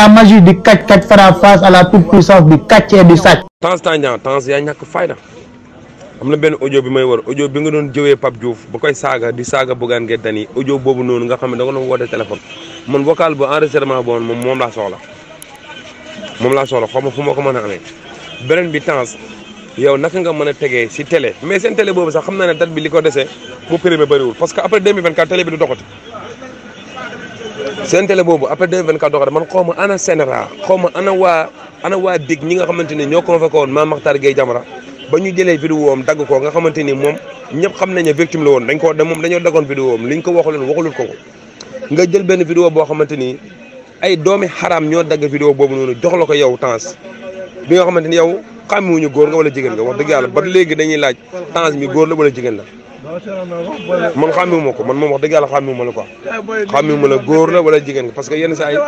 la magie du catch-cat fera face à la toute-puissance du catch et du sac. Temps temps temps yaa ñàkk fayda am na benn audio bi may war audio bi nga doon jëwee Pape Diouf ba koy saaga di saga Bougane Gueye Dany audio boobu noonu nga xam ne da nga doon woote téléphone man vocal bu enregistrement bu woon moom moom laa soxla moom laa soxla xaw ma fu ma ko mën a bi temps yow naka nga mën a tegee si télé mais seen télé boobu sax xam naa ne date bi li ko dese bu primé bëriwul parce que après 2024 télé bi du seen télé boobu après 2024 doxal man xaw ma ana CNRA xaw ma ana waa ana waa DIG ñi nga xamante ni ñoo convoqué woon Mame Makhtar Gueye Diamara ba ñu jëlee vidéo am dagg ko nga xamante ni moom ñëpp xam nañ ne victime la woon dañ ko moom dañoo daggoon vidéo am liñ ko waxuloon waxulul ko ko nga jël benn vidéo boo xamante ni ay doomi xaraam ñoo dagg vidéo boobu noonu jox la ko yow Tange bi nga xamante ni yow xamuñu góor nga wala jigéen nga wax dëgg yàlla ba léegi dañuy laaj Tange mi góor la wala jigéen la man xàmmiwuma ko man moom wax dëgg yàlla xàmmiwuma la ko xàmmiwuma la góor la wala jigéen parce que yenn saa yi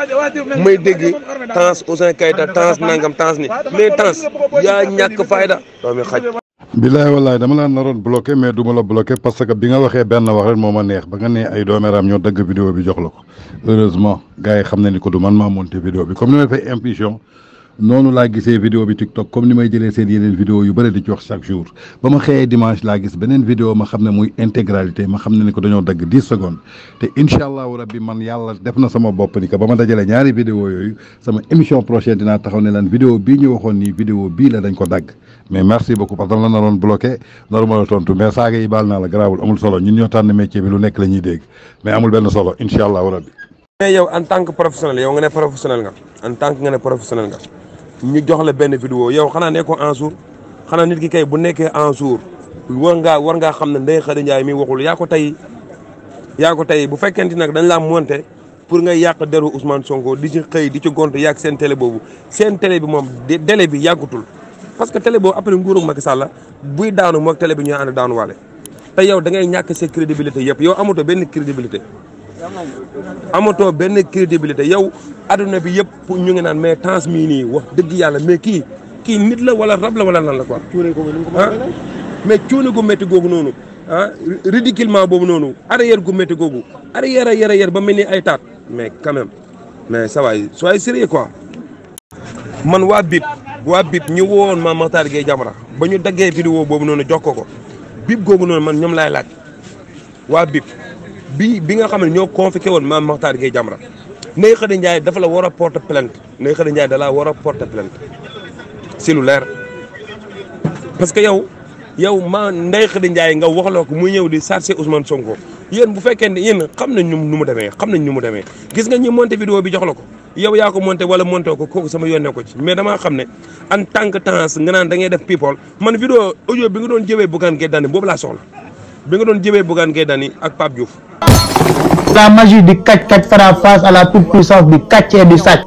may dégg Tange Ouzin Keita Tange nangam Tange ni mais Tange yaa ñàkk fayda doomi xaj bilaay walaay dama la naroon bloqué mais du ma la bloqué parce que bi nga waxee benn wax rek moo ma neex ba nga ne ay dooméram ñoo dëgg vidéo bi jox la ko heureusement gars yi xam na ni ko du man maa monté vidéo bi comme ni may fay nonu la gisee vidéo bi TikTok comme ni may jëlee seen yeneen vidéo yu bëri di ci wax chaque jour ba ma xëyee dimanche laa gis beneen vidéo ma xam ne muy intégralité ma xam ne ni ko dañoo dagg 10 secondes te incha allahu rabbi man yàlla def na sama bopp ni que ba ma dajalee ñaari vidéo yooyu sama émission prochaine dinaa taxaw ne leen vidéo bii ñu waxoon nii vidéo bii la dañ ko dagg mais merci beaucoup parce que la naroon bloqué normal la tontu mais saaga yi baal naa la garaawul amul solo ñun ñoo tànn métier bi lu nekk la ñuy dégg mais amul benn solo incha allahu rabbi mais yow en tant que professionnel yow nga ne professionnel nga en tant que nga ne professionnel nga ñu jox la benn vidéo yow xanaa nekkoo en jour xanaa nit ki kay bu nekkee en jour war ngaa war ngaa xam ne Ndeye Khady Ndiaye mi waxul yaako ko tey yaa ko tey bu fekkente nag dañ laa monté pour nga yàq deru Ousmane Sonko di ji xëy di ci gont yàq seen télé boobu seen télé bi moom délai bi yàggutul parce que tele boobu après nguuru Macky Sall buy daanu moog télé bi ñooy ànd daanuwaale te yow da ngay ñàkk sa crédibilité yëpp yow amatoo benn crédibilité amatoo benn crédibilité yow adduna bi yëpp ñu ngi naan mais temps mii nii wax dëgg yàlla mais kii kii nit la wala rab la wala lan la quoi. ah mais cuune gu métti googu noonu ah ridiculement boobu noonu arrière gu métti googu arrière arrière arrière ba mel ni ay taat mais quand même mais ça va soyez sérieux quoi. man waa bip waa bip ñu woon ma Makhtar Gueye Jamra ba ñu daggee vidéo boobu noonu jokko ko ko bip googu noonu man ñoom laay laaj waa bip. bi bi nga xam ne ñoo convoqué woon maam Makhtar gey Jamra ney Khady ndjay dafa la wara porte plainte ney Khady ndjay da la wara porte plainte ci lu leer parce que yow yow ma ney Khady ndjay nga waxloo ko muy ñëw di charger Ousmane Sonko yeen bu fekkee ne yéen xam nañ ñu nu mu demee ñu mu demee gis nga ñi monté vidéo bi jox la ko yow ya ko monté wala monté ko koku sama yónnee ko ci mais dama xam en tant que temps nga nan da ngay def people man vidéo audio bi nga doon jëwee Bougane Gueye Dany bobu la soxla bi nga doon jëmee Bougane Gueye Dany ak Pape Diouf. la magie du kàcc kàcc fera face à la toute puissance du kàcc et du sàcc.